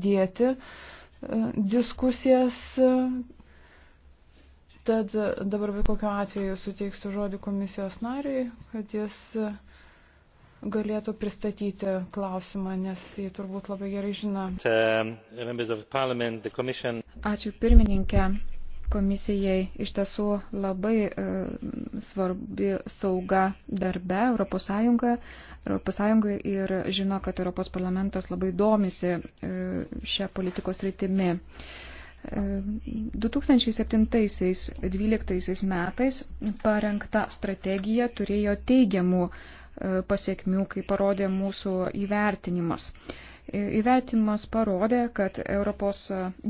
atidėti e, diskusijas. Tad dabar bet kokiu atveju suteiksiu žodį komisijos nariui, kad jis galėtų pristatyti klausimą, nes jį turbūt labai gerai žino. Ačiū pirmininkė. Komisijai iš tiesų labai e, svarbi sauga darbe Europos Sąjungoje, Europos Sąjungoje ir žino, kad Europos parlamentas labai domisi e, šią politikos rytimi. E, 2007-2012 metais parengta strategija turėjo teigiamų e, pasiekmių, kaip parodė mūsų įvertinimas. E, Įvertinimas parodė, kad Europos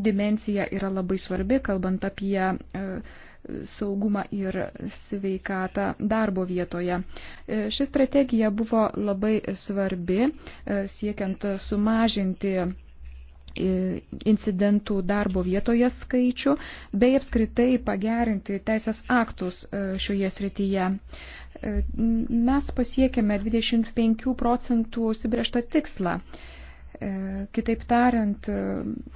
dimencija yra labai svarbi, kalbant apie e, saugumą ir sveikatą darbo vietoje. E, ši strategija buvo labai svarbi, e, siekiant sumažinti incidentų darbo vietoje skaičių, bei apskritai pagerinti teisės aktus šioje srityje. Mes pasiekėme 25 procentų užsibriežtą tikslą E, kitaip tariant,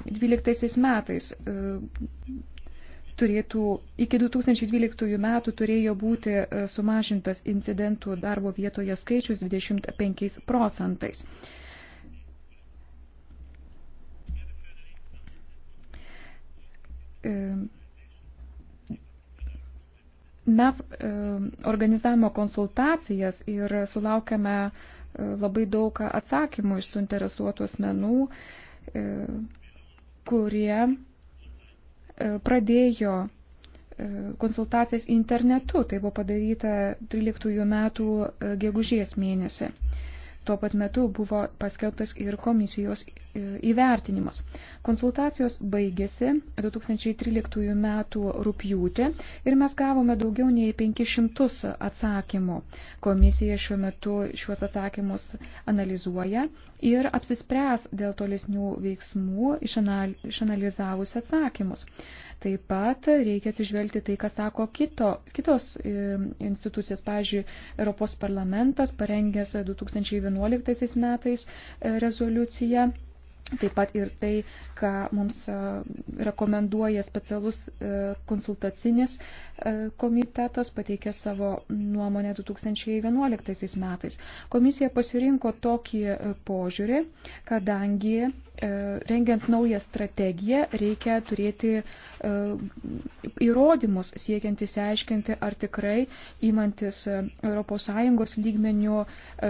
12 e, metais e, turėtų, iki 2012 metų turėjo būti sumažintas incidentų darbo vietoje skaičius 25 procentais. Mes organizavimo konsultacijas ir sulaukėme labai daug atsakymų iš suinteresuotų asmenų, e, kurie e, pradėjo e, konsultacijas internetu. Tai buvo padaryta 13 metų gegužės mėnesį. Tuo pat metu buvo paskelbtas ir komisijos įvertinimas. Konsultacijos baigėsi 2013 m. rūpjūtį ir mes gavome daugiau nei 500 atsakymų. Komisija šiuo metu šiuos atsakymus analizuoja ir apsispręs dėl tolesnių veiksmų išanalizavus atsakymus. Taip pat reikia atsižvelgti tai, ką sako kito, kitos e, institucijos. Pavyzdžiui, Europos parlamentas parengęs 2011 metais e, rezoliuciją Taip pat ir tai, ką mums e, rekomenduoja specialus e, konsultacinis e, komitetas, pateikė savo nuomonę 2011 metais. Komisija pasirinko tokį požiūrį, kadangi rengiant naują strategiją reikia turėti įrodymus siekiant įsiaiškinti, ar tikrai įmantis ES lygmenių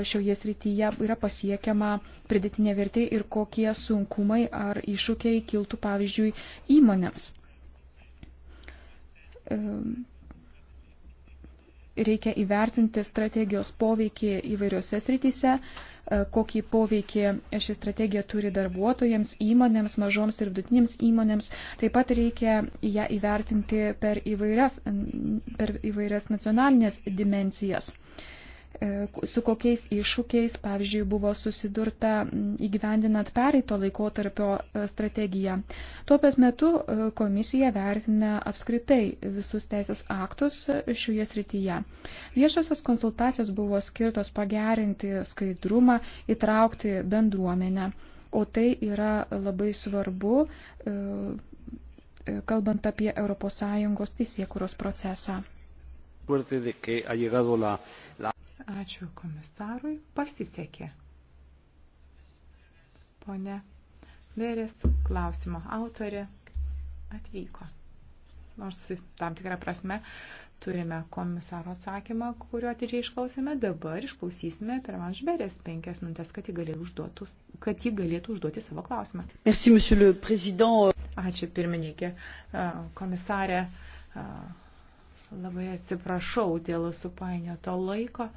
šioje srityje yra pasiekiama pridėtinė vertė ir kokie su sunkumai ar iššūkiai kiltų, pavyzdžiui, įmonėms. Reikia įvertinti strategijos poveikį įvairiose srityse, e, kokį poveikį ši strategija turi darbuotojams, įmonėms, mažoms ir vidutinėms įmonėms. Taip pat reikia ją įvertinti per įvairias, per įvairias nacionalinės dimencijas. Uh, E, su kokiais iššūkiais, pavyzdžiui, buvo susidurta įgyvendinant pereito laikotarpio e, strategiją. Tuo pat metu e, komisija vertina apskritai visus teisės aktus šioje srityje. Viešasios konsultacijos buvo skirtos pagerinti skaidrumą, įtraukti bendruomenę, o tai yra labai svarbu, kalbant apie ES teisėkuros procesą. Suerte de que ha llegado la, la... Ačiū komisarui. Pasisekė. Pone Vėrės, klausimo autorė atvyko. Nors tam tikrą prasme turime komisaro atsakymą, kuriuo atidžiai išklausėme. Dabar išklausysime per man žberės penkias minutės, kad jį galėtų, užduotų, kad jį galėtų užduoti savo klausimą. Merci, monsieur le président. Ačiū, pirmininkė. Komisarė, labai atsiprašau dėl supainioto laiko.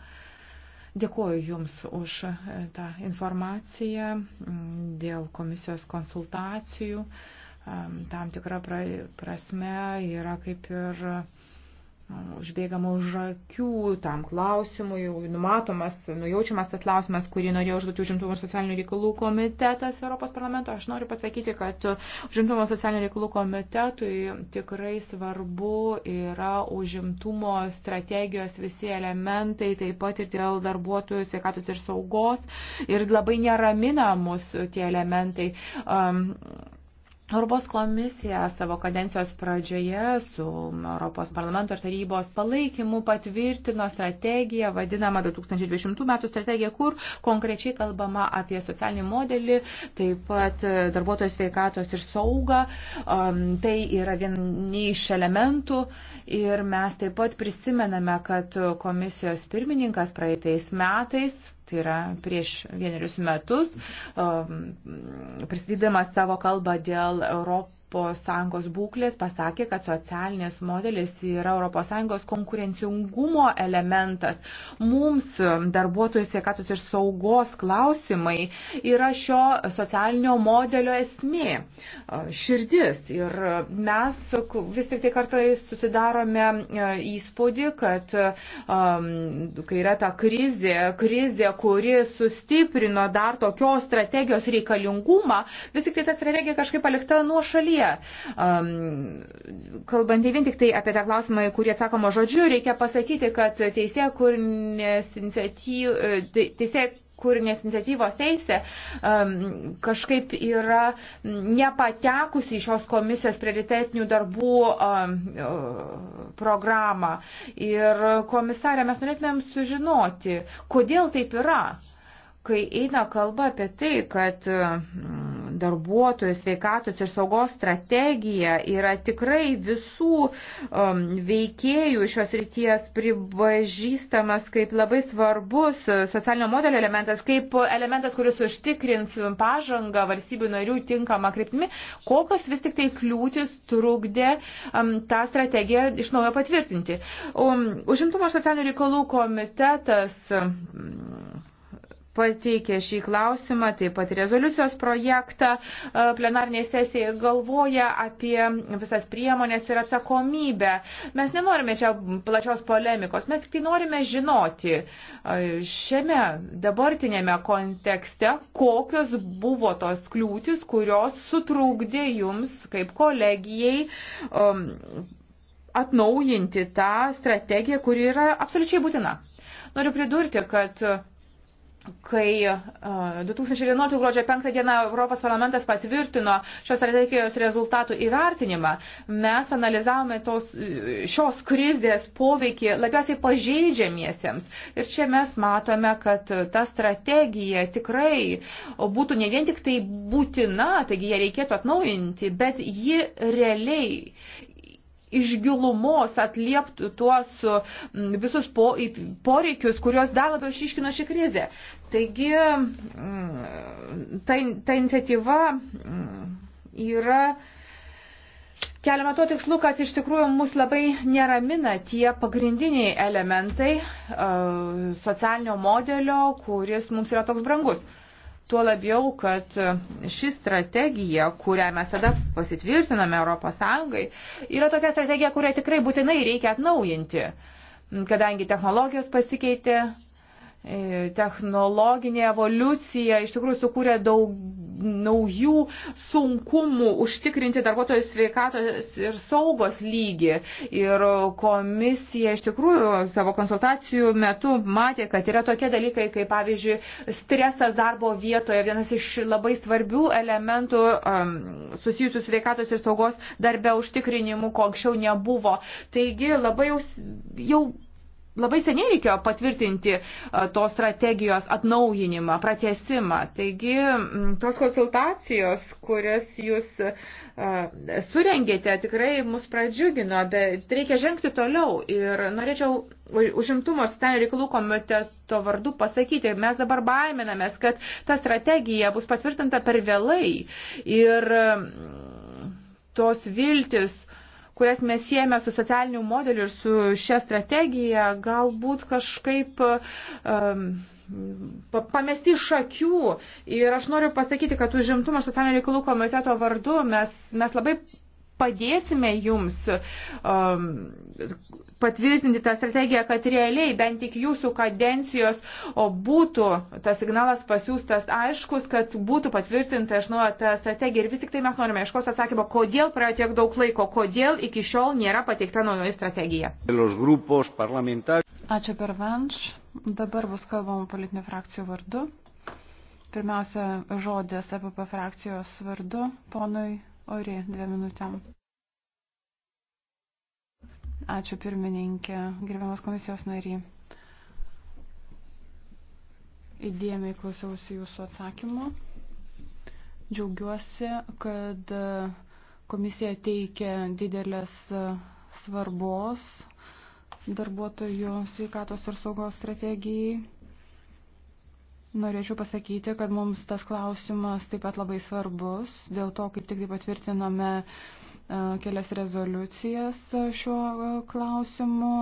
Dėkuoju Jums už e, tą informaciją dėl komisijos konsultacijų. Tam tikra prasme yra kaip ir užbėgama už akių tam klausimui, numatomas, nujaučiamas tas klausimas, kurį norėjo užduoti užimtumo ir socialinių reikalų komitetas Europos parlamento. Aš noriu pasakyti, kad užimtumo ir socialinių reikalų komitetui tikrai svarbu yra užimtumo strategijos visi elementai, taip pat ir dėl darbuotojų sveikatos ir saugos. Ir labai neramina mus tie elementai. Um, Europos komisija savo kadencijos pradžioje su Europos parlamento ir tarybos palaikymu patvirtino strategiją, vadinamą 2020 metų strategiją, kur konkrečiai kalbama apie socialinį modelį, taip pat darbuotojų sveikatos ir saugą. Tai yra vieni iš elementų ir mes taip pat prisimename, kad komisijos pirmininkas praeitais metais tai yra prieš vienerius metus, um, pristatydamas savo kalbą dėl Europos ES būklės pasakė, kad socialinės modelis yra ES konkurencingumo elementas. Mums darbuotojų sveikatos ir saugos klausimai yra šio socialinio modelio esmė, širdis. Ir mes vis tik tai kartais susidarome įspūdį, kad kai yra ta krizė, krizė, kuri sustiprino dar tokios strategijos reikalingumą, vis tik tai ta strategija kažkaip palikta nuo šalyje srityje. Um, kalbant ne vien tik tai apie tą klausimą, kurį atsakoma žodžiu, reikia pasakyti, kad teisė, kur nesiniciatyv... teisė kūrinės iniciatyvos teisė um, kažkaip yra nepatekusi į šios komisijos prioritetinių darbų um, programą. Ir komisarė, mes norėtumėm sužinoti, kodėl taip yra kai eina kalba apie tai, kad mm, darbuotojų sveikatos ir saugos strategija yra tikrai visų um, veikėjų šios ryties pripažįstamas kaip labai svarbus socialinio modelio elementas, kaip elementas, kuris užtikrins pažangą valstybių narių tinkamą kryptimį, kokios vis tik tai kliūtis trukdė um, tą strategiją iš naujo patvirtinti. Um, Užimtumo socialinių reikalų komitetas. Um, pateikė šį klausimą, taip pat rezoliucijos projektą e, plenarnėje sesijoje galvoja apie visas priemonės ir atsakomybę. Mes nenorime čia plačios polemikos, mes tik tai norime žinoti e, šiame dabartinėme kontekste, kokios buvo tos kliūtis, kurios sutrūkdė jums kaip kolegijai um, atnaujinti tą strategiją, kuri yra absoliučiai būtina. Noriu pridurti, kad kai 2011 gruodžio 5 dieną Europos parlamentas patvirtino šios strategijos rezultatų įvertinimą, mes analizavome tos, šios krizės poveikį labiausiai pažeidžiamiesiems. Ir čia mes matome, kad ta strategija tikrai būtų ne vien tik tai būtina, taigi ją reikėtų atnaujinti, bet ji realiai iš gilumos atlieptų tuos mm, visus po, poreikius, kuriuos dar labiau išiškino ši krizė. Taigi, mm, ta, ta iniciatyva mm, yra keliama tuo tikslu, kad iš tikrųjų mus labai neramina tie pagrindiniai elementai e, socialinio modelio, kuris mums yra toks brangus. Tuo labiau, kad ši strategija, kurią mes tada pasitvirtiname ES, yra tokia strategija, kurią tikrai būtinai reikia atnaujinti, kadangi technologijos pasikeitė, E, technologinė evoliucija iš tikrųjų sukūrė daug naujų sunkumų užtikrinti darbuotojų sveikatos ir saugos lygį. Ir komisija iš tikrųjų savo konsultacijų metu matė, kad yra tokie dalykai, kaip pavyzdžiui, stresas darbo vietoje, vienas iš labai svarbių elementų um, susijusių sveikatos ir saugos darbe užtikrinimu, ko anksčiau nebuvo. Taigi labai jau, jau labai seniai reikėjo patvirtinti e, tos strategijos atnaujinimą, pratesimą. Taigi tos konsultacijos, kurias jūs e, surengėte, tikrai mus pradžiugino, bet reikia žengti toliau. Ir norėčiau užimtumo socialinių reikalų komiteto vardu pasakyti, mes dabar baiminamės, kad ta strategija bus patvirtinta per vėlai. Ir tos viltis kurias mes siejame su socialiniu modeliu ir su šia strategija, galbūt kažkaip um, pamesti iš akių. Ir aš noriu pasakyti, kad užimtumo socialinio reikalų komiteto vardu mes, mes labai padėsime jums um, patvirtinti tą strategiją, kad realiai bent tik jūsų kadencijos būtų tas signalas pasiūstas aiškus, kad būtų patvirtinta iš nuojo ta strategija. Ir vis tik tai mes norime iškos atsakymą, kodėl praėjo tiek daug laiko, kodėl iki šiol nėra pateikta naujoji strategija. Ačiū per vanš. Dabar bus kalbama politinių frakcijų vardu. Pirmiausia, žodės apie frakcijos vardu ponui Ori dviem minutėm. Ačiū pirmininkė, gerbiamas komisijos nary. Įdėmiai klausiausi jūsų atsakymo. Džiaugiuosi, kad komisija teikia didelės svarbos darbuotojų sveikatos ir saugos strategijai. Norėčiau pasakyti, kad mums tas klausimas taip pat labai svarbus, dėl to kaip tik tai patvirtinome kelias rezoliucijas šiuo klausimu.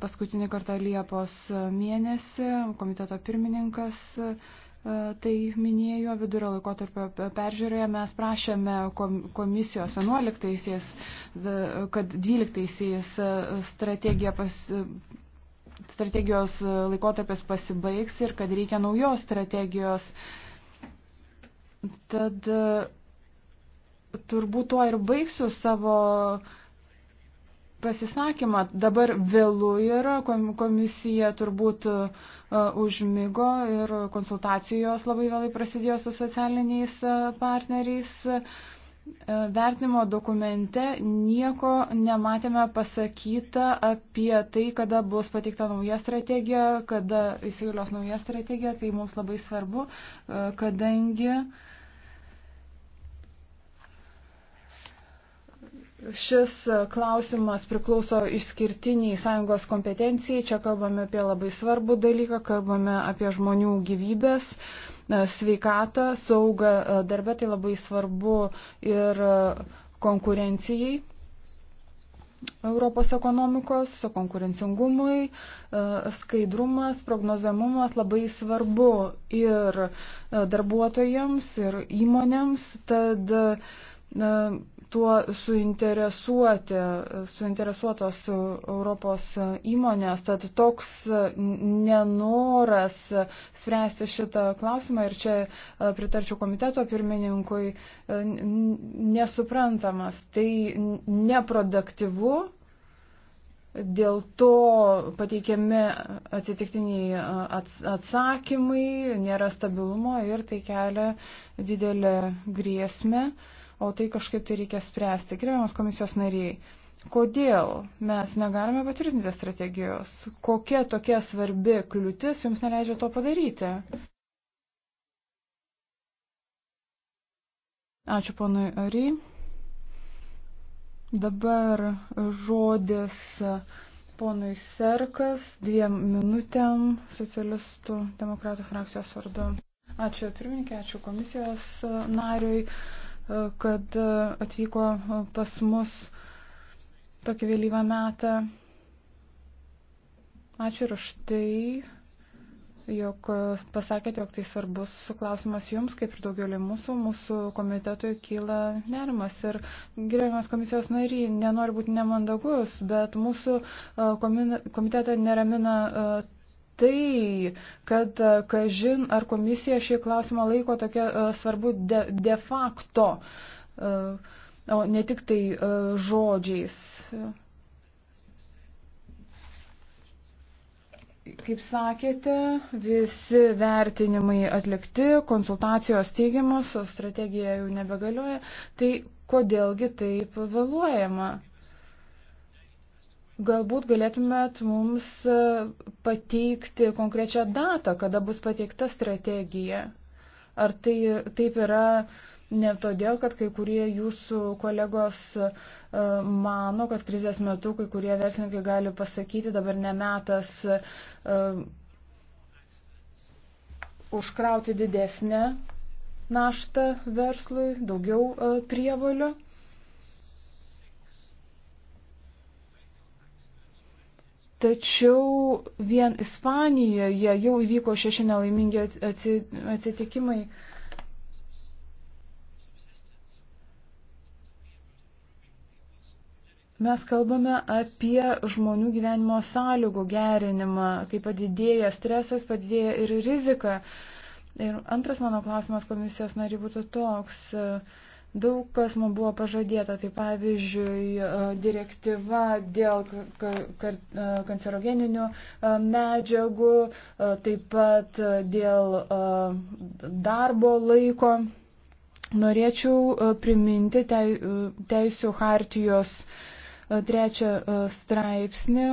Paskutinį kartą Liepos mėnesį komiteto pirmininkas tai minėjo vidurio laikotarpio peržiūroje. Mes prašėme komisijos 11-aisiais, kad 12-aisiais strategija pas, strategijos laikotarpis pasibaigs ir kad reikia naujos strategijos. Tad turbūt tuo ir baigsiu savo pasisakymą. Dabar vėlų yra, komisija turbūt e, užmygo ir konsultacijos labai vėlai prasidėjo su socialiniais e, partneriais. E, vertinimo dokumente nieko nematėme pasakyta apie tai, kada bus pateikta nauja strategija, kada įsigalios nauja strategija, tai mums labai svarbu, kadangi uh, Šis e, klausimas priklauso išskirtiniai sąjungos kompetencijai. Čia kalbame apie labai svarbų dalyką, kalbame apie žmonių gyvybės e, sveikatą, saugą e, darbę, tai labai svarbu ir konkurencijai Europos ekonomikos, konkurencingumui, skaidrumas, prognozamumas labai svarbu ir darbuotojams, ir įmonėms. Tad tuo suinteresuoti, suinteresuotos Europos įmonės. Tad toks nenoras spręsti šitą klausimą ir čia e, pritarčiau komiteto pirmininkui e, nesuprantamas. Tai neproduktyvu. Dėl to pateikiami atsitiktiniai e, atsakymai, nėra stabilumo ir tai kelia didelę grėsmę uh, o tai kažkaip tai reikia spręsti. Gerbiamas komisijos nariai, kodėl mes negalime patvirtinti strategijos? Kokia tokia svarbi kliūtis jums neleidžia to padaryti? Ačiū ponui Ary. Dabar žodis ponui Serkas dviem minutėm socialistų demokratų frakcijos vardu. Ačiū pirmininkė, ačiū komisijos nariui kad e, atvyko pas mus tokį vėlyvą metą. Ačiū ir už tai, jog pasakėte, jog tai svarbus klausimas jums, kaip ir daugeliu mūsų, mūsų komitetui kyla nerimas. Ir gerbiamas komisijos nariai, nenori būti nemandagus, bet mūsų e, komitetą neramina e, tai, kad, e, kažin, ar komisija šį klausimą laiko tokia e, svarbu de, de facto, e, o ne tik tai žodžiais. Kaip sakėte, visi vertinimai atlikti, konsultacijos teigiamos, o strategija jau nebegalioja. Tai kodėlgi taip vėluojama? Galbūt galėtumėt mums e, pateikti konkrečią datą, kada bus pateikta strategija. Ar tai taip yra ne todėl, kad kai kurie jūsų kolegos e, mano, kad krizės metu kai kurie verslininkai gali pasakyti, dabar nemetas e, užkrauti didesnę naštą verslui, daugiau prievolių. Tačiau vien Ispanijoje jau įvyko šeši nelaimingi atsitikimai. Mes kalbame apie žmonių gyvenimo sąlygų gerinimą, kaip padidėja stresas, padidėja ir rizika. Ir antras mano klausimas komisijos nariai būtų toks. Uh, Daug kas man buvo pažadėta, tai pavyzdžiui, e, direktyva dėl e, kancerogeninių e, medžiagų, taip pat dėl darbo laiko. Norėčiau priminti teisų hartijos trečią straipsnį.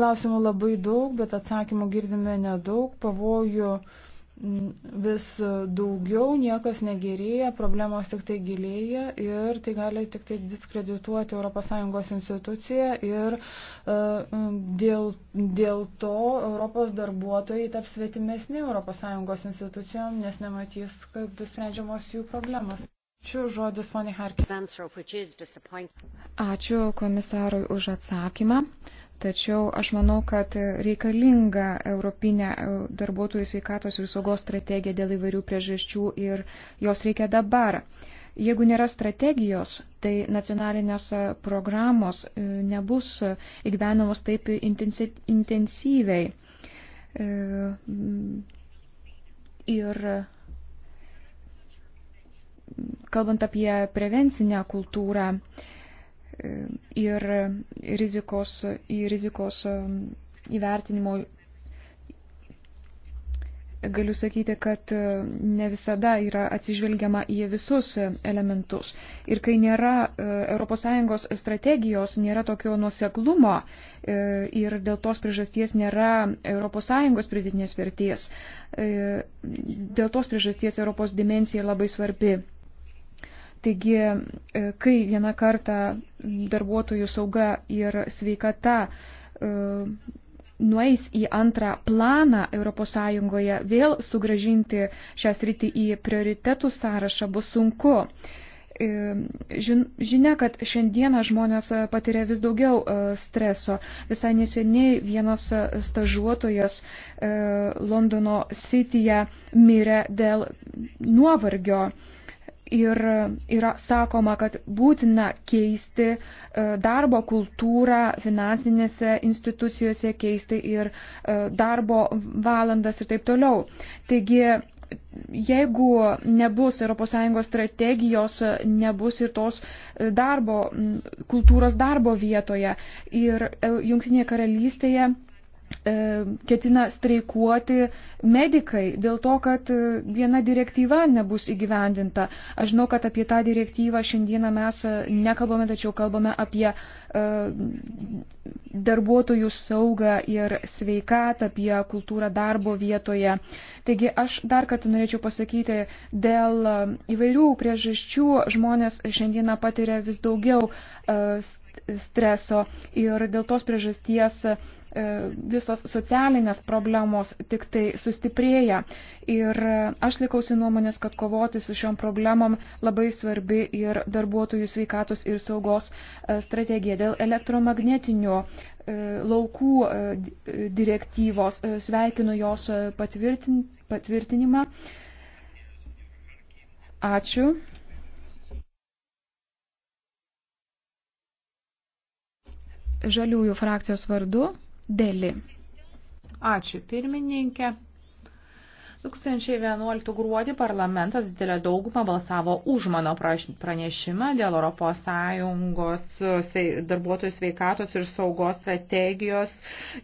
Klausimų labai daug, bet atsakymų girdime nedaug. Pavojų uh, vis daugiau, niekas negerėja, problemos tik tai gilėja ir tai gali tik tai diskredituoti ES instituciją ir e, dėl, dėl to Europos darbuotojai taps svetimesni ES institucijom, nes nematys, kad sprendžiamos jų problemas. Ačiū žodis, ponė Harkis. Ačiū komisarui už atsakymą. Tačiau aš manau, kad reikalinga europinė darbuotojų sveikatos ir saugos strategija dėl įvairių priežasčių ir jos reikia dabar. Jeigu nėra strategijos, tai nacionalinės programos e, nebus įgyvenamos taip intensyviai. E, ir kalbant apie prevencinę kultūrą, ir rizikos, į rizikos um, įvertinimo galiu sakyti, kad um, ne visada yra atsižvelgiama į visus elementus. Ir kai nėra uh, ES strategijos, nėra tokio nuoseklumo uh, ir dėl tos priežasties nėra ES pridėtinės vertės, uh, dėl tos priežasties Europos dimensija labai svarbi. Taigi, kai vieną kartą darbuotojų sauga ir sveikata e, nueis į antrą planą ES, vėl sugražinti šią sritį į prioritetų sąrašą bus sunku. E, žinia, kad šiandieną žmonės patiria vis daugiau e, streso. Visai neseniai vienas stažuotojas Londono sityje mirė dėl nuovargio. Ir yra sakoma, kad būtina keisti e, darbo kultūrą finansinėse institucijose, keisti ir e, darbo valandas ir taip toliau. Taigi, jeigu nebus ES strategijos, nebus ir tos e, darbo, kultūros darbo vietoje ir Junktinėje karalystėje E, ketina streikuoti medikai dėl to, kad e, viena direktyva nebus įgyvendinta. Aš žinau, kad apie tą direktyvą šiandieną mes e, nekalbame, tačiau kalbame apie darbuotojų saugą ir sveikatą, apie kultūrą darbo vietoje. Taigi aš dar kartą norėčiau pasakyti, dėl įvairių priežasčių žmonės šiandieną patiria vis daugiau streso ir dėl tos priežasties E, visos socialinės problemos tik tai sustiprėja. Ir e, aš likausi nuomonės, kad kovoti su šiom problemom labai svarbi ir darbuotojų sveikatos ir saugos e, strategija dėl elektromagnetinio laukų direktyvos. Sveikinu jos patvirtin, patvirtinimą. Ačiū. Žaliųjų frakcijos vardu dėlį. Ačiū pirmininkė. 2011 gruodį parlamentas didelę daugumą balsavo už mano pranešimą dėl ES e, darbuotojų sveikatos ir saugos strategijos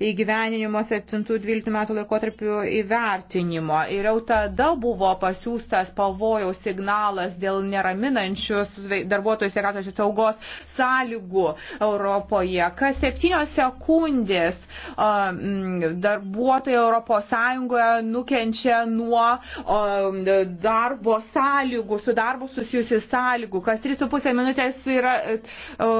įgyveninimo 7-12 metų laikotarpių įvertinimo. Ir jau tada buvo pasiūstas pavojaus signalas dėl neraminančių darbuotojų sveikatos ir saugos sąlygų Europoje. Kas 7 sekundės darbuotojai ES nukenčia nuo o, darbo sąlygų, su darbu susijusių sąlygų. Kas 3,5 minutės yra e, o,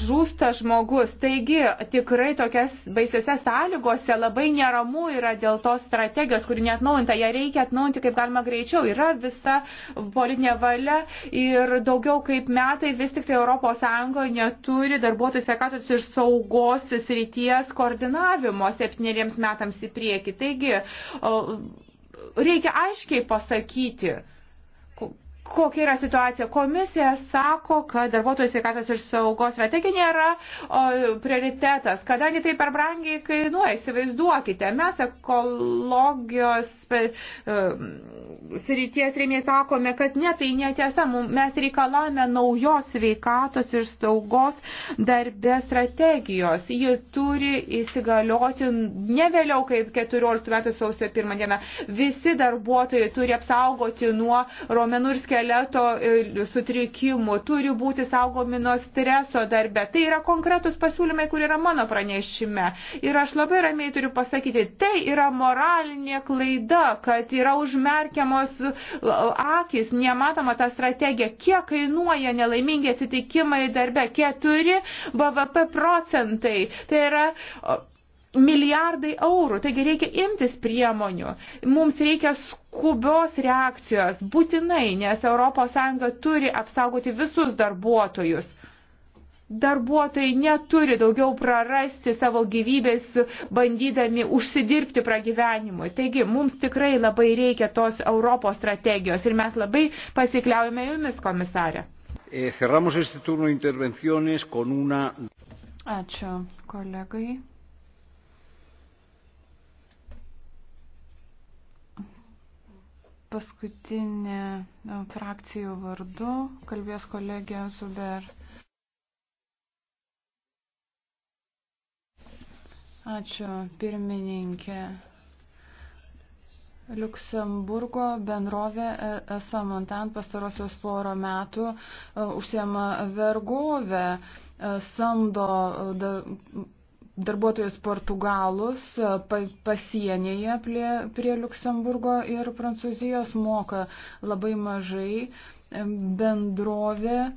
žūsta žmogus. Taigi tikrai tokias baisiose sąlygose labai neramu yra dėl tos strategijos, kuri netnaujinta. Ją reikia atnaujinti kaip galima greičiau. Yra visa politinė valia ir daugiau kaip metai vis tik tai ES neturi darbuotojų sveikatos ir saugos srities koordinavimo septyneriems metams į priekį. Taigi reikia aiškiai pasakyti, kokia yra situacija. Komisija sako, kad darbuotojų sveikatos ir saugos strategija nėra o, prioritetas, kadangi tai per brangiai kainuoja. Įsivaizduokite, mes ekologijos e, srities rėmiai sakome, kad ne, tai netiesa. Mes reikalavome naujos sveikatos ir saugos darbė strategijos. Ji turi įsigalioti ne vėliau kaip 14 metų sausio 1 dieną. Visi darbuotojai turi apsaugoti nuo romenų ir skeletų skeleto e, sutrikimų, turi būti saugomi nuo streso darbe. Tai yra konkretus pasiūlymai, kur yra mano pranešime. Ir aš labai ramiai turiu pasakyti, tai yra moralinė klaida, kad yra užmerkiamos e, akis, nematoma ta strategija, kiek kainuoja nelaimingi atsitikimai darbe, 4 BVP procentai. Tai yra milijardai eurų. Taigi reikia imtis priemonių. Mums reikia skubios reakcijos, būtinai, nes ES turi apsaugoti visus darbuotojus. Darbuotojai neturi daugiau prarasti savo gyvybės, bandydami užsidirbti pragyvenimui. Taigi mums tikrai labai reikia tos Europos strategijos ir mes labai pasikliaujame jumis, komisarė. E, Ačiū kolegai. Paskutinė frakcijų vardu kalbės kolegė Zuber. Ačiū, pirmininkė. Luksemburgo bendrovė e, Samontan pastarosios poro metų e, užsiema vergovę, e, samdo darbuotojus portugalus e, pasienyje prie, prie Luksemburgo ir Prancūzijos moka labai mažai. E, bendrovė e,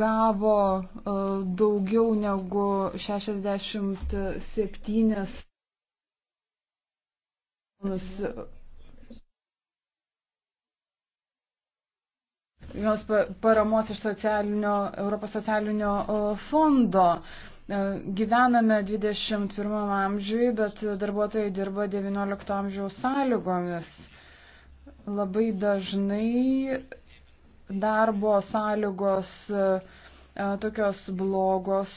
gavo daugiau negu 67 jos paramos iš socialinio, Europos socialinio fondo. E, gyvename 21 amžiui, bet darbuotojai dirba 19 amžiaus sąlygomis. Labai dažnai darbo sąlygos e, e, tokios blogos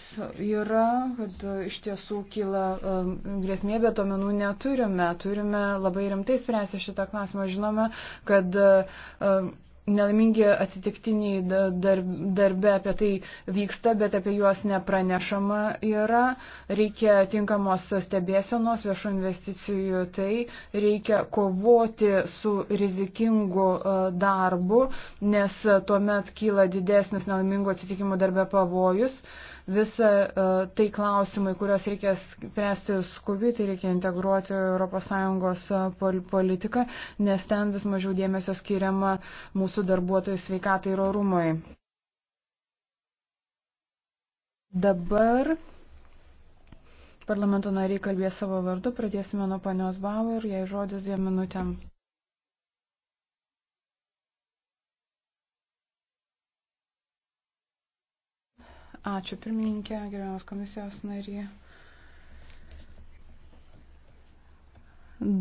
yra, kad iš tiesų kyla grėsmė, bet omenų neturime. Turime labai rimtai spręsti šitą klausimą. Žinome, kad nelaimingi atsitiktiniai darbe apie tai vyksta, bet apie juos nepranešama yra, reikia tinkamos stebėsenos viešų investicijų, tai reikia kovoti su rizikingu e, darbu, nes tuomet kyla didesnis nelaimingų atsitikimų darbe pavojus. Uh, Visa e, tai klausimai, kuriuos reikia spręsti skubiai, tai reikia integruoti ES politiką, nes ten vis mažiau dėmesio skiriama mūsų darbuotojų sveikatai ir orumui. Dabar parlamento nariai kalbės savo vardu, pradėsime nuo panios Bauer, jai žodis dviem minutėm. Ačiū pirmininkė, gerbiamas komisijos narė.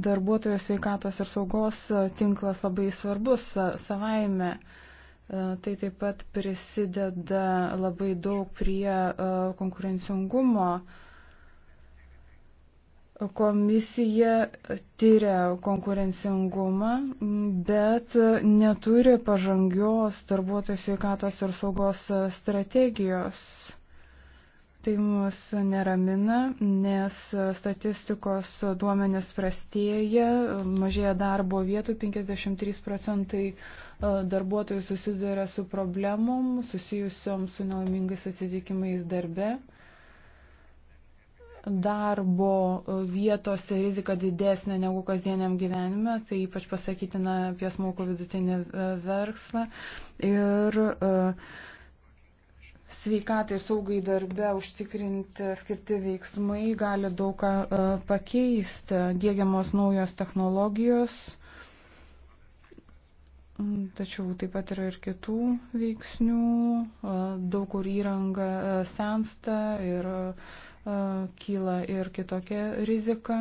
Darbuotojo sveikatos ir saugos tinklas labai svarbus savaime. E, tai taip pat prisideda labai daug prie e, konkurencingumo uh, Komisija tyria konkurencingumą, bet neturi pažangios darbuotojų sveikatos ir saugos strategijos. Tai mus neramina, nes statistikos duomenės prastėja, mažėja darbo vietų, 53 procentai e, darbuotojų susiduria su problemom susijusiom su nelaimingais atsitikimais darbe darbo vietose rizika didesnė negu kasdieniam gyvenime, tai ypač pasakytina apie smulkų vidutinį verslą. Ir e, sveikatai ir saugai darbe užtikrinti skirti veiksmai gali daug ką e, pakeisti. Dėgiamos naujos technologijos, tačiau taip pat yra ir kitų veiksnių, e, daug kur įranga sensta ir E, kyla ir kitokia rizika.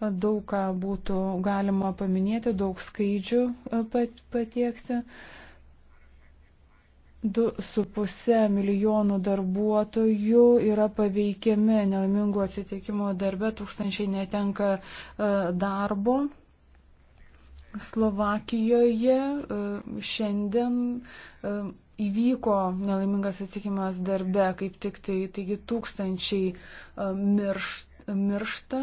Daug ką būtų galima paminėti, daug skaidžių e, patiekti. 2,5 milijonų darbuotojų yra paveikiami nelaimingų atsitikimų darbe, tūkstančiai netenka e, darbo. Slovakijoje šiandien įvyko nelaimingas atsikimas darbe, kaip tik tai, taigi tūkstančiai e, miršt, miršta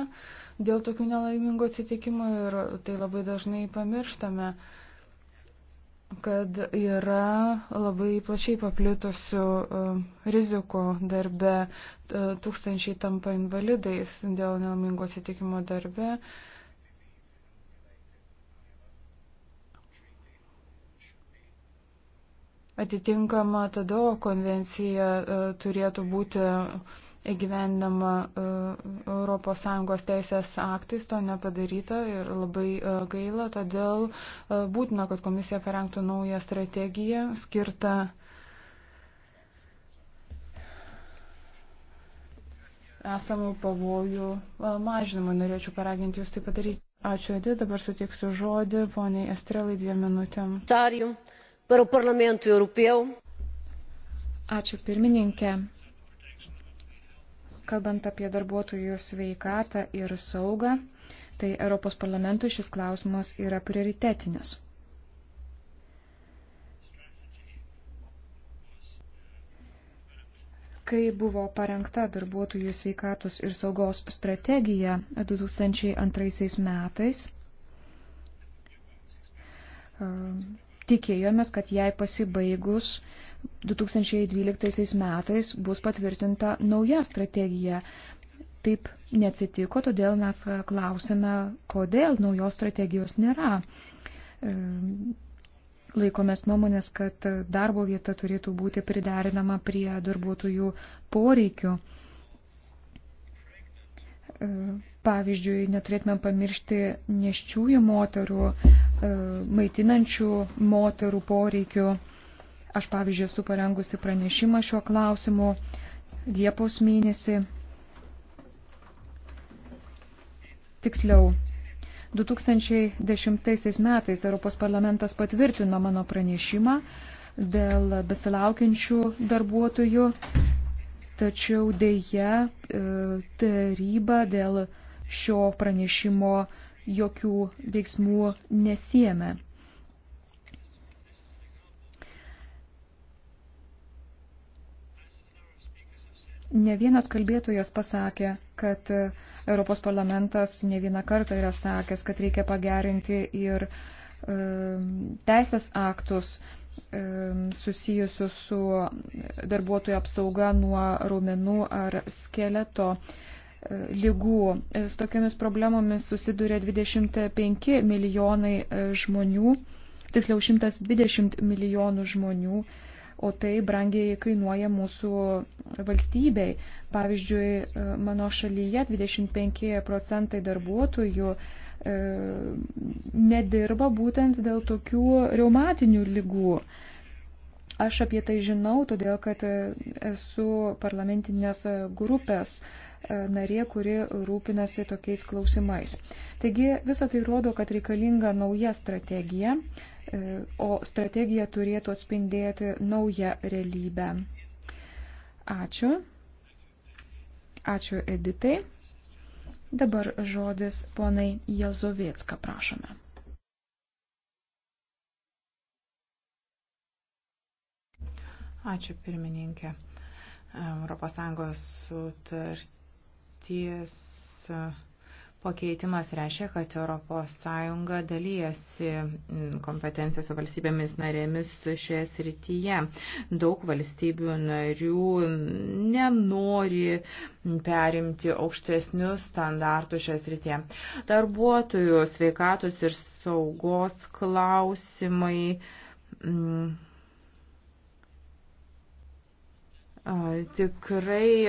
dėl tokių nelaimingų atsitikimų ir tai labai dažnai pamirštame kad yra labai plačiai paplitusių e, rizikų darbe, tūkstančiai tampa invalidais dėl nelaimingo atsitikimo darbe, Atitinkama tada konvencija e, turėtų būti įgyvendama ES teisės aktais, to nepadaryta ir labai e, gaila, todėl e, būtina, kad komisija parengtų naują strategiją skirtą esamų pavojų mažinimui. Norėčiau paraginti jūs tai padaryti. Ačiū, Edi, dabar sutiksiu žodį poniai Estrelai dviem minutėm. Tariu para o Parlamento Europeu. Ačiū pirmininkė. Kalbant apie darbuotojų sveikatą ir saugą, tai Europos parlamentui šis klausimas yra prioritetinis. Kai buvo parengta darbuotojų sveikatos ir saugos strategija 2002 metais, tikėjomės, kad jai pasibaigus 2012 metais bus patvirtinta nauja strategija. Taip neatsitiko, todėl mes klausime, kodėl naujos strategijos nėra. E, laikomės nuomonės, kad darbo vieta turėtų būti priderinama prie darbuotojų poreikių e, Pavyzdžiui, neturėtumėm pamiršti neščiųjų moterų, e, maitinančių moterų poreikių. Aš, pavyzdžiui, esu parengusi pranešimą šiuo klausimu Liepos mėnesį. Tiksliau, 2010 metais Europos parlamentas patvirtino mano pranešimą dėl besilaukiančių darbuotojų, tačiau dėja e, taryba dėl šio pranešimo jokių veiksmų nesijėmė. Ne vienas kalbėtojas pasakė, kad Europos parlamentas ne vieną kartą yra sakęs, kad reikia pagerinti ir e, teisės aktus e, susijusius su darbuotojų apsauga nuo raumenų ar skeleto. E, lygų. E, su tokiamis problemomis susiduria 25 milijonai e, žmonių, tiksliau 120 milijonų žmonių, o tai brangiai kainuoja mūsų valstybei. Pavyzdžiui, e, mano šalyje 25 procentai darbuotojų nedirba būtent dėl tokių reumatinių lygų. Aš apie tai žinau, todėl kad esu parlamentinės grupės uh, narė, kuri rūpinasi tokiais klausimais. Taigi visą tai rodo, kad reikalinga nauja strategija, e, o strategija turėtų atspindėti naują realybę. Ačiū. Ačiū Editai. Dabar žodis ponai Jazoviecka, prašome. Ačiū pirmininkė. ES sutartį sutarties e, pakeitimas reiškia, kad ES dalyjasi kompetenciją su valstybėmis narėmis šioje srityje. Daug valstybių narių nenori perimti aukštesnius standartus šioje srityje. Darbuotojų sveikatos ir saugos klausimai. Mm, tikrai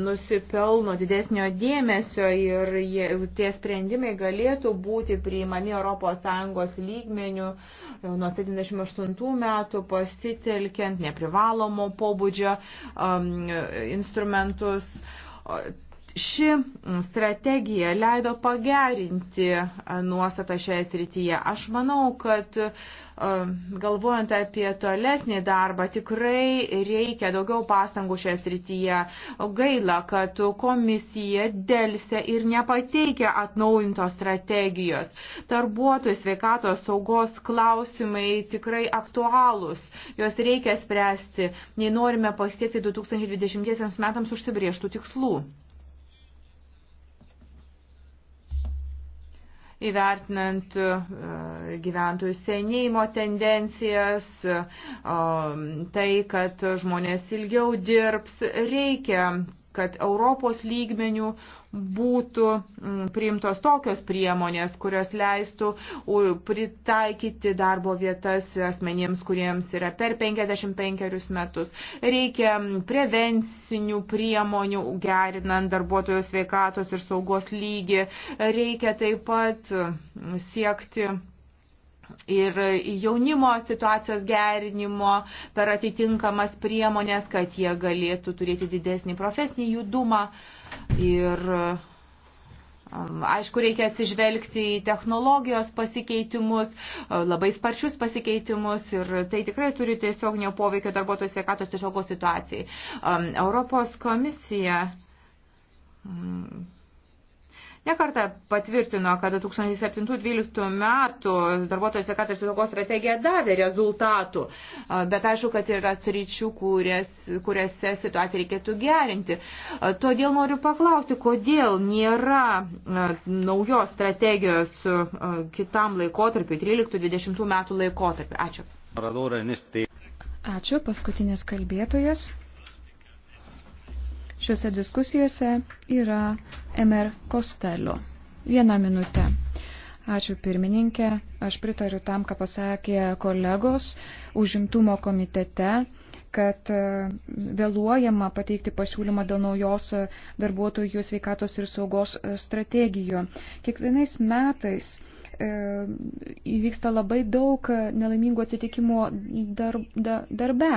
nusipelno didesnio dėmesio ir jie, tie sprendimai galėtų būti priimami ES lygmenių e, nuo 78 metų pasitelkiant neprivalomo pobūdžio um, instrumentus ši strategija leido pagerinti e, nuostatą šioje srityje. Aš manau, kad e, galvojant apie tolesnį darbą, tikrai reikia daugiau pastangų šioje srityje. Gaila, kad komisija dėlse ir nepateikia atnaujintos strategijos. Darbuotojų sveikatos saugos klausimai tikrai aktualūs. Juos reikia spręsti, jei norime pasiekti 2020 metams užsibrieštų tikslų. įvertinant e, gyventojų senėjimo tendencijas, e, tai, kad žmonės ilgiau dirbs, reikia kad Europos lygmenių būtų mm, priimtos tokios priemonės, kurios leistų pritaikyti darbo vietas asmenėms, kuriems yra per 55 metus. Reikia mm, prevencinių priemonių, gerinant darbuotojų sveikatos ir saugos lygį. Reikia taip pat mm, siekti ir jaunimo situacijos gerinimo per atitinkamas priemonės, kad jie galėtų turėti didesnį profesinį judumą. Ir um, aišku, reikia atsižvelgti į technologijos pasikeitimus, uh, labai sparčius pasikeitimus ir tai tikrai turi tiesiog nepoveikio darbuotojų sveikatos ir saugos situacijai. Um, Europos komisija um, Nekartą patvirtino, kad 2007-2012 metų darbuotojų sveikatos saugos strategija davė rezultatų, bet aišku, kad yra sričių, kurias, kuriuose situaciją reikėtų gerinti. Todėl noriu paklausti, kodėl nėra naujos strategijos kitam laikotarpiu, 13-20 metų laikotarpiu. Ačiū. Ačiū, paskutinis kalbėtojas šiuose diskusijose yra MR Kostelo. Vieną minutę. Ačiū pirmininkė. Aš pritariu tam, ką pasakė kolegos užimtumo komitete kad e, vėluojama pateikti pasiūlymą dėl naujos e, darbuotojų sveikatos ir saugos e, strategijų. Kiekvienais metais E, įvyksta labai daug nelaimingų atsitikimų dar, da, darbe.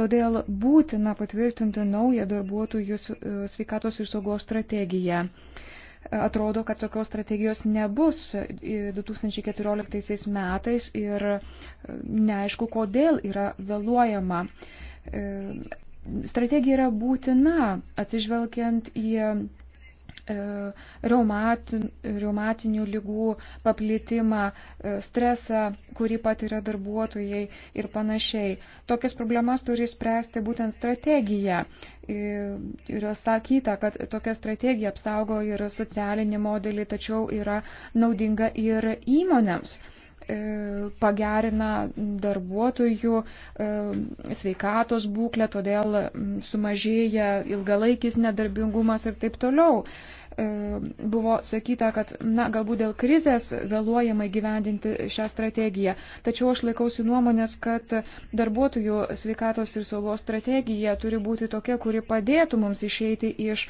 Todėl būtina patvirtinti naują darbuotojų e, sveikatos ir saugos strategiją. Atrodo, kad tokios strategijos nebus 2014 metais ir e, neaišku, kodėl yra vėluojama. Strategija yra būtina atsižvelgiant į E, reumatinių lygų paplitimą, e, stresą, kurį patiria darbuotojai ir panašiai. Tokias problemas turi spręsti būtent strategija. Yra e, sakyta, kad tokia strategija apsaugo ir socialinį modelį, tačiau yra naudinga ir įmonėms. E, pagerina darbuotojų e, sveikatos būklę, todėl sumažėja ilgalaikis nedarbingumas ir taip toliau. E, buvo sakyta, kad na, galbūt dėl krizės vėluojama įgyvendinti šią strategiją. Tačiau aš laikausi nuomonės, kad darbuotojų sveikatos ir saugos strategija turi būti tokia, kuri padėtų mums išeiti iš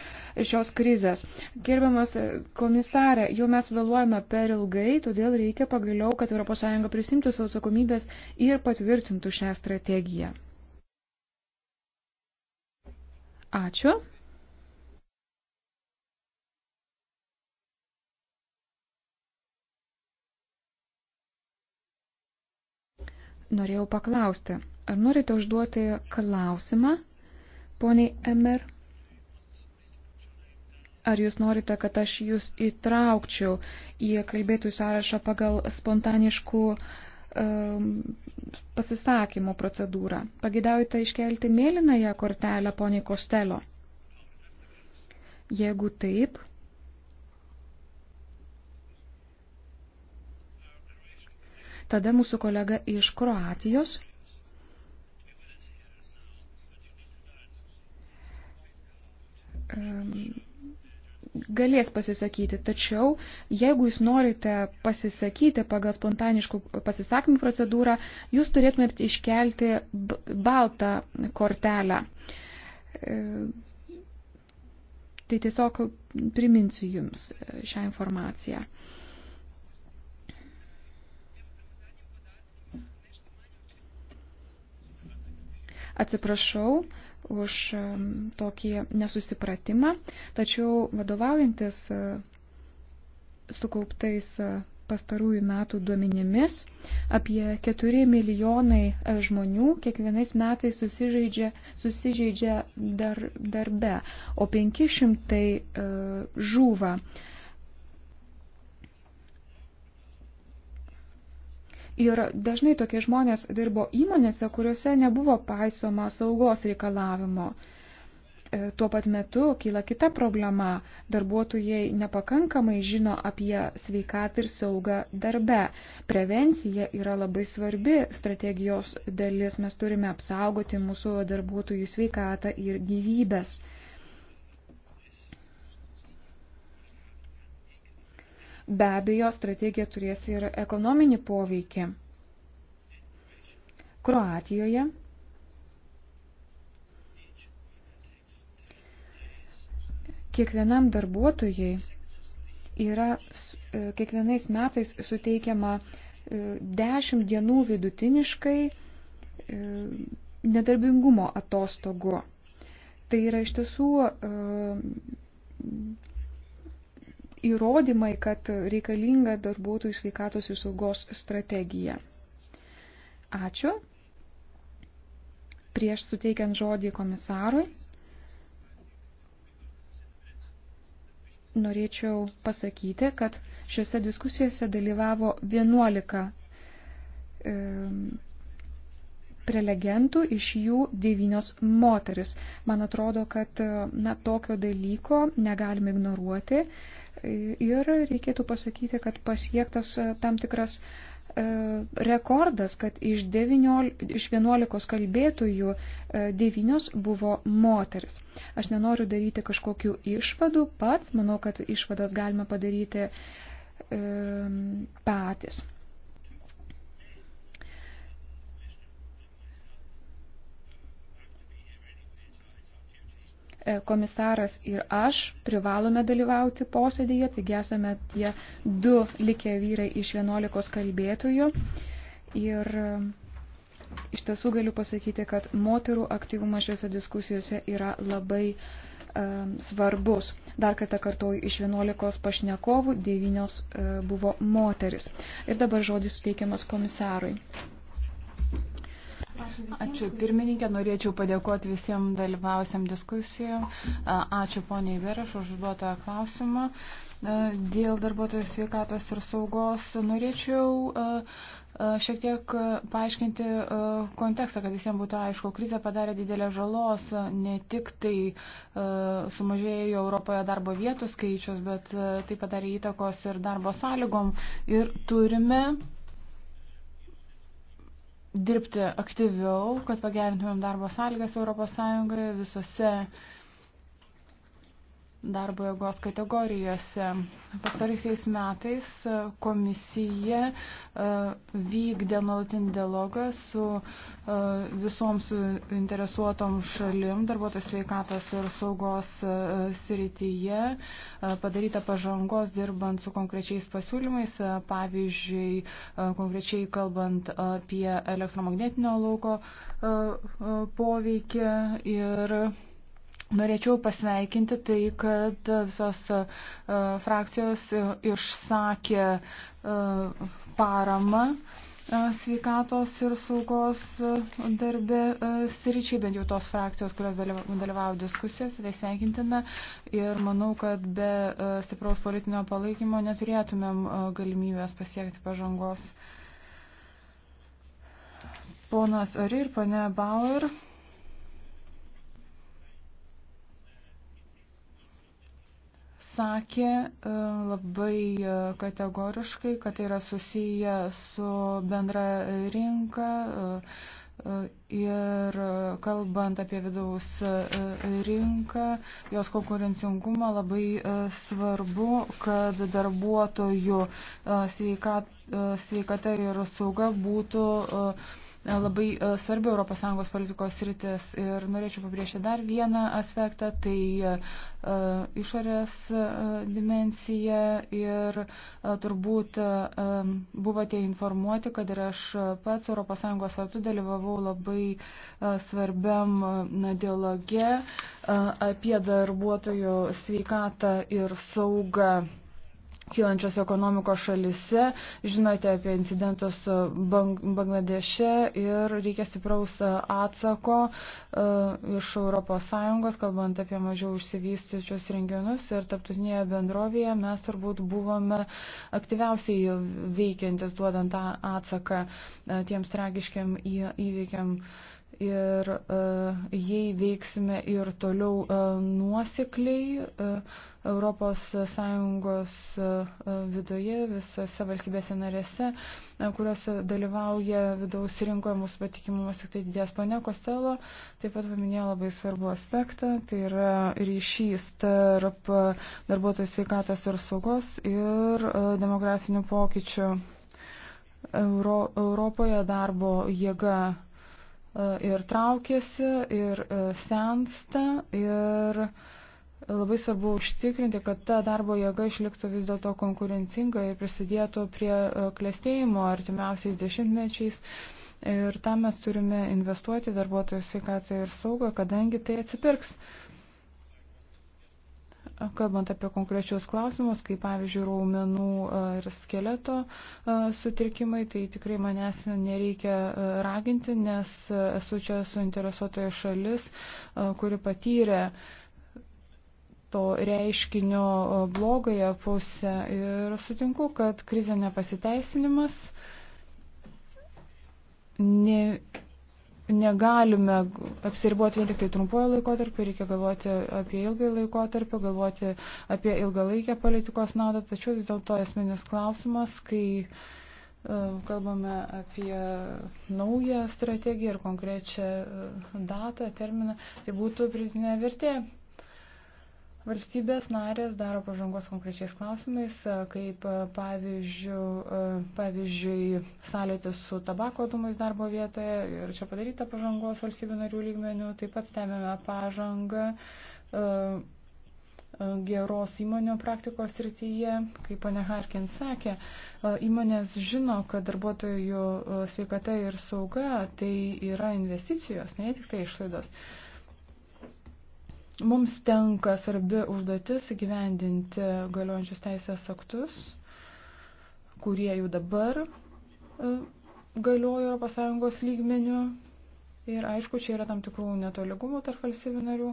šios krizės. Gerbiamas komisarė, jau mes vėluojame per ilgai, todėl reikia pagaliau, kad ES prisimtų savo atsakomybės ir patvirtintų šią strategiją. Ačiū. norėjau paklausti, ar norite užduoti klausimą, poniai Emer? Ar jūs norite, kad aš jūs įtraukčiau į kalbėtojų sąrašą pagal spontaniškų um, pasisakymų procedūrą? Pagidaujate iškelti mėlynąją kortelę, poniai Kostelo? Jeigu taip, Tada mūsų kolega iš Kroatijos. galės pasisakyti, tačiau jeigu jūs norite pasisakyti pagal spontaniškų pasisakymų procedūrą, jūs turėtumėt iškelti baltą kortelę. Tai tiesiog priminsiu jums e, šią informaciją. Atsiprašau už tokį nesusipratimą, tačiau vadovaujantis e, sukauptais e, pastarųjų metų duomenimis apie 4 milijonai e, žmonių kiekvienais metais susižeidžia, susižeidžia dar, darbe, o 500 žūva. E, Ir dažnai tokie žmonės dirbo įmonėse, kuriuose nebuvo paisoma saugos reikalavimo. E, tuo pat metu kyla kita problema. Darbuotojai nepakankamai žino apie sveikatą ir saugą darbe. Prevencija yra labai svarbi strategijos dalis. Mes turime apsaugoti mūsų darbuotojų sveikatą ir gyvybės. Be abejo, strategija turės ir ekonominį poveikį. Kroatijoje kiekvienam darbuotojai yra e, kiekvienais metais suteikiama 10 e, dienų vidutiniškai e, nedarbingumo atostogu. Tai yra iš tiesų įrodymai, kad reikalinga darbuotojų sveikatos ir saugos strategija. Ačiū. Prieš suteikiant žodį komisarui, norėčiau pasakyti, kad šiuose diskusijose dalyvavo 11 e, prelegentų, iš jų devynios moteris. Man atrodo, kad na, tokio dalyko negalime ignoruoti ir reikėtų pasakyti, kad pasiektas e, tam tikras e, rekordas, kad iš, 9, iš 11 kalbėtojų 9 e, buvo moteris. Aš nenoriu daryti kažkokių išvadų pats, manau, kad išvadas galima padaryti patys. E, komisaras ir aš privalome dalyvauti posėdėje, taigi esame tie du likę vyrai iš 11 kalbėtojų. Ir e, iš tiesų galiu pasakyti, kad moterų aktyvumas šiuose diskusijose yra labai um, svarbus. Dar kartą kartuoju, iš 11 pašnekovų 9 uh, buvo moteris. Ir dabar žodis suteikiamas komisarui. Ačiū pirmininkė, norėčiau padėkoti visiems dalyvausiam diskusijom. Ačiū poniai Veraš už užduotą klausimą. Dėl darbuotojų sveikatos ir saugos norėčiau šiek tiek paaiškinti kontekstą, kad visiems būtų aišku. Krizė padarė didelę žalos, ne tik tai sumažėjo Europoje darbo vietų skaičius, bet tai padarė įtakos ir darbo sąlygom. Ir turime dirbti aktyviau, kad pagerintumėm darbo sąlygas ES visose darbo jėgos kategorijose. Pastaraisiais metais e, komisija e, vykdė nuolatinį dialogą su e, visoms interesuotom šalim darbuotojų sveikatos ir saugos srityje. Padaryta pažangos dirbant su konkrečiais pasiūlymais, pavyzdžiui, konkrečiai kalbant apie elektromagnetinio lauko poveikį ir Norėčiau pasveikinti tai, kad visos e, frakcijos e, išsakė e, paramą sveikatos ir saugos darbė sričiai, bent jau tos frakcijos, kurios dalyvavo diskusijose, tai sveikintina. Ir manau, kad be stipraus politinio palaikymo neturėtumėm galimybės pasiekti pažangos. Ponas Ari ir pane Bauer. pasakė e, labai e, kategoriškai, kad tai yra susiję su bendra rinka e, ir kalbant apie vidaus rinką, jos konkurencingumą labai svarbu, kad darbuotojų sveikata ir sauga būtų E, labai e, svarbi ES politikos rytis. Ir norėčiau pabrėžti dar vieną aspektą, tai e, išorės dimencija. Ir turbūt buvote informuoti, kad ir aš pats ES vartu dalyvavau labai svarbiam dialoge apie darbuotojų sveikatą ir saugą kylančios ekonomikos šalise. Žinote apie incidentus Bang Bangladeše ir reikia stipraus e, atsako uh, iš ES, kalbant apie mažiau išsivystyčius regionus ir taptutinėje bendrovėje mes turbūt buvome aktyviausiai veikiantis duodant tą atsaką uh, tiems tragiškiam įvykiam. Uh, ir e, jei veiksime ir toliau e, nuosekliai ES e, viduje, visose valstybėse narėse, kuriuose dalyvauja vidaus rinkoje mūsų patikimumas tik tai didės. Pane Kostelo taip pat paminėjo labai svarbu aspektą, tai yra ryšys tarp darbuotojų sveikatos ir saugos ir demografinių pokyčių. Euro, Europoje darbo jėga E, ir traukiasi, ir e, sensta, ir labai svarbu užtikrinti, kad ta darbo jėga išliktų vis dėlto konkurencinga ir prisidėtų prie e, klėstėjimo artimiausiais dešimtmečiais. Ir tam mes turime investuoti darbuotojų sveikatą ir saugą, kadangi tai atsipirks. Uh, Kalbant apie konkrečius klausimus, kaip pavyzdžiui raumenų e, ir skeleto e, sutrikimai, tai tikrai manęs nereikia e, raginti, nes esu čia suinteresuotoje šalis, kuri patyrė to reiškinio blogąją pusę ir sutinku, kad krizė nepasiteisinimas. Ne, negalime apsiribuoti vien tik tai trumpuoju laikotarpiu, reikia galvoti apie ilgąjį laikotarpį, galvoti apie ilgalaikę politikos naudą, tačiau vis dėlto esminis klausimas, kai e, kalbame apie naują strategiją ir konkrečią e, datą, terminą, tai būtų pridinė vertė Valstybės narės daro pažangos konkrečiais klausimais, kaip pavyzdžiui sąlytis su tabako dūmais darbo vietoje ir čia padaryta pažangos valstybių narių lygmenių, taip pat stebėme pažangą e, e, geros įmonių praktikos rytyje, kaip pane Harkin sakė, e, įmonės žino, kad darbuotojų sveikata ir sauga tai yra investicijos, ne tik tai išlaidos. Mums tenka svarbi užduotis įgyvendinti galiojančius teisės aktus, kurie jau dabar e, galioja ES lygmenių. Ir aišku, čia yra tam tikrų netolygumų tarp valstybių narių.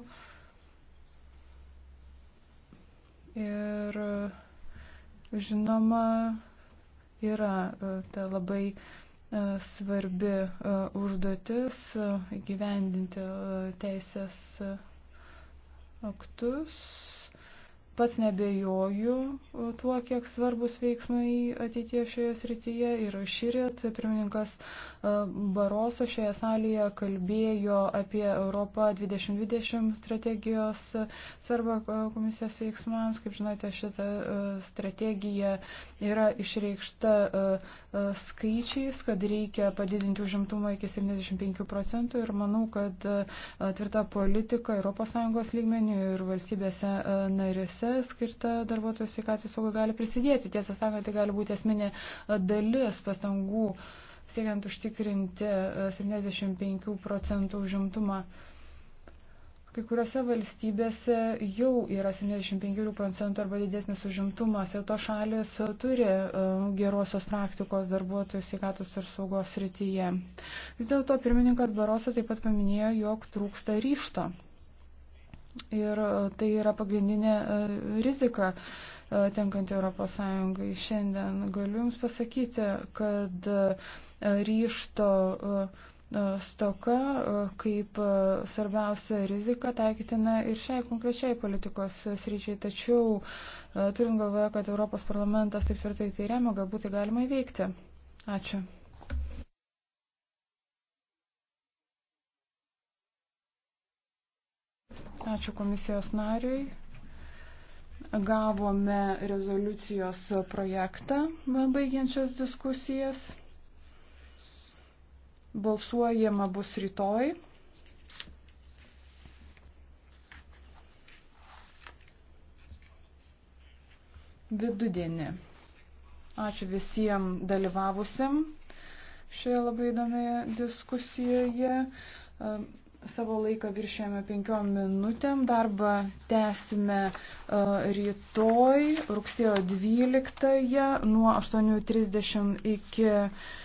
Ir e, žinoma, yra e, ta labai svarbi užduotis gyvendinti teisės aktus Pats nebejoju tuo, kiek svarbus veiksmai ateitie šioje srityje. Ir šįryt pirmininkas e, Baroso šioje salėje kalbėjo apie Europą 2020 strategijos svarbą e, komisijos veiksmams. Kaip žinote, šita e, strategija yra išreikšta skaičiais, kad reikia padidinti užimtumą iki 75 procentų. Ir manau, kad tvirta politika ES lygmenių ir valstybėse narėse komitete skirta darbuotojų sveikatai saugai gali prisidėti. Tiesą sakant, tai gali būti esminė dalis pastangų siekiant užtikrinti 75 e, procentų užimtumą. Kai kuriuose valstybėse jau yra 75 procentų arba didesnis užimtumas ir to šalis turi e, gerosios praktikos darbuotojų sveikatos ir saugos srityje. Vis dėlto pirmininkas Barosa taip pat paminėjo, jog trūksta ryšto Ir e, tai yra pagrindinė e, rizika e, tenkanti Europos Sąjungai. Šiandien galiu Jums pasakyti, kad ryšto stoka kaip svarbiausia rizika taikytina ir šiai konkrečiai politikos sryčiai. Tačiau turim galvoje, kad Europos parlamentas taip ir tai tai remia, galbūt tai galima įveikti. Ačiū. Ačiū komisijos nariui. Gavome rezoliucijos projektą, baigiančias diskusijas. Balsuojama bus rytoj. Vidudienį. Ačiū visiems dalyvavusim šioje labai įdomioje diskusijoje savo laiką viršėjame penkiom minutėm. Darbą tęsime e, rytoj, rugsėjo 12, nuo 8.30 iki